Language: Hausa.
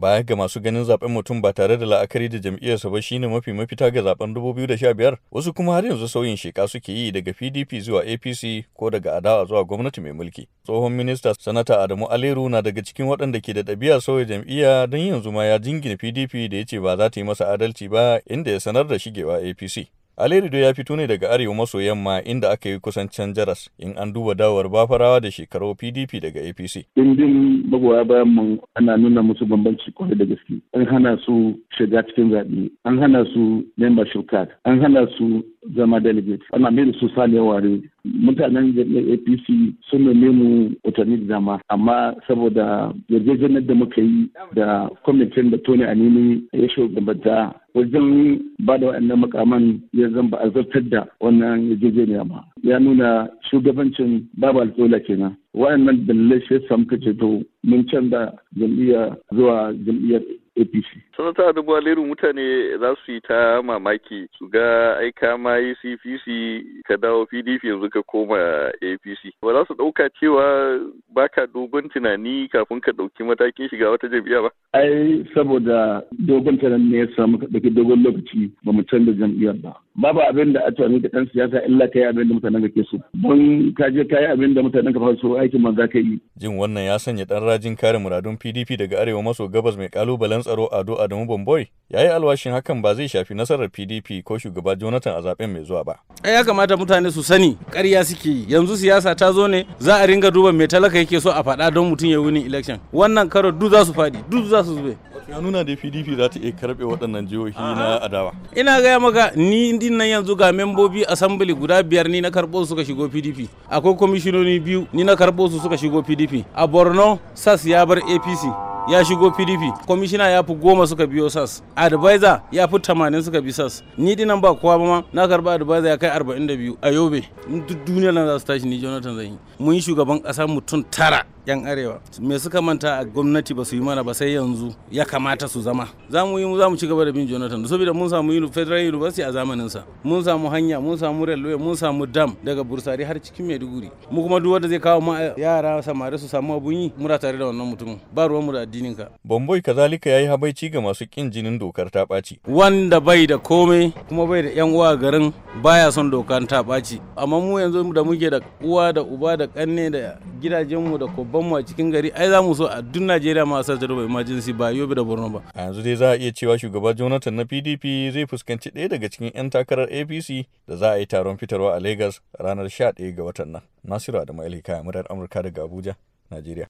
baya ga masu ganin zaben mutum ba tare da la'akari da jam'iyyarsa ba shine mafi mafita ga zaben 2015 wasu kuma har yanzu sauyin sheka suke yi daga PDP zuwa APC ko daga adawa zuwa gwamnati mai mulki tsohon minista sanata Adamu Aleru na daga cikin waɗanda ke da ɗabi'a sauya jam'iyya don yanzu ma ya jingina PDP da ya ce ba za ta yi masa adalci ba inda ya sanar da shigewa APC Alerido ya fito ne daga arewa maso yamma inda aka yi kusancin jaras in an duba dawar bafarawa da shekaru PDP daga APC. Dindin magoya bayan mu ana nuna musu bambanci kwarai da gaske. An hana su shiga cikin zaɓe, an hana su membership card, an hana su zama delegate ana mai su sa ne ware mutanen jami'ar apc sun nome mu watanni da dama amma saboda yarjejeniyar da muka yi da kwamitin da tony anini ya shugabanta wajen ba da waɗannan makaman ya zamba a zartar da wannan yarjejeniya ba ya nuna shugabancin babu alkola kenan waɗannan dalilai shi ya samu kace to mun canza jam'iyya zuwa jam'iyyar apc sanata buwa aleru mutane za su yi ta mamaki su ga ai ka ma yi cpc ka dawo pdp yanzu ka koma apc ba za su ɗauka cewa baka dogon tunani kafin ka ɗauki matakin shiga wata jam'iyya ba ai saboda dogon taron ne ya samu daga dogon lokaci ba mu canza jam'iyyar ba babu abin da a tunani da ɗan siyasa illa ka yi abin da mutanen ka ke so don ka je ka yi abin da mutanen ka so aikin ma za ka yi jin wannan ya sanya ɗan rajin kare muradun PDP daga arewa maso gabas mai kalubalen tsaro Ado Adamu Bomboy ya yi alwashin hakan ba zai shafi nasarar PDP ko shugaba Jonathan a zaben mai zuwa ba ai ya kamata mutane su sani ƙarya suke yi yanzu siyasa ta zo ne za a ringa duba mai talaka yake so a faɗa don mutum ya wuni election wannan karo duk za su faɗi duk za su su zube ya nuna da pdp za ta iya karbe waɗannan jihohi na adawa ina gaya maka ni din nan yanzu ga membobi assembly guda biyar ni na karbo suka shigo pdp akwai kwamishinoni biyu ni na karbo su suka shigo pdp a borno sas ya bar apc ya shigo pdp kwamishina ya fi goma suka biyo sas advisor ya fi tamanin suka bi sas ni dinan ba kowa ma na karba advisor ya kai arba'in da biyu a yobe duk duniya nan za su tashi ni jonathan zai mun yi shugaban kasa mutum tara yan arewa me suka manta a gwamnati ba su yi mana ba sai yanzu ya kamata su zama za mu yi za mu ci gaba da bin jonathan saboda mun samu federal university a zamanin sa mun samu hanya mun samu railway mun samu dam daga bursari har cikin maiduguri mu kuma duk wanda zai kawo ma yara samari su samu abun yi mura tare da wannan mutumin ba ruwan mu da addinin ka bomboy kazalika yayi habaici ga masu kin jinin dokar ta ɓaci wanda bai da komai kuma bai da yan uwa garin baya son dokar ta ɓaci amma mu yanzu da muke da uwa da uba da kanne da gidajenmu da kobba bakonmu a cikin gari ai za mu so a duk najeriya ma a sa jaraba emergency ba yobe da borno ba a yanzu dai za a iya cewa shugaba jonathan na pdp zai fuskanci ɗaya daga cikin 'yan takarar apc da za a yi taron fitarwa a lagos ranar 11 ga watan nan nasiru adamu alhika murar amurka daga abuja najeriya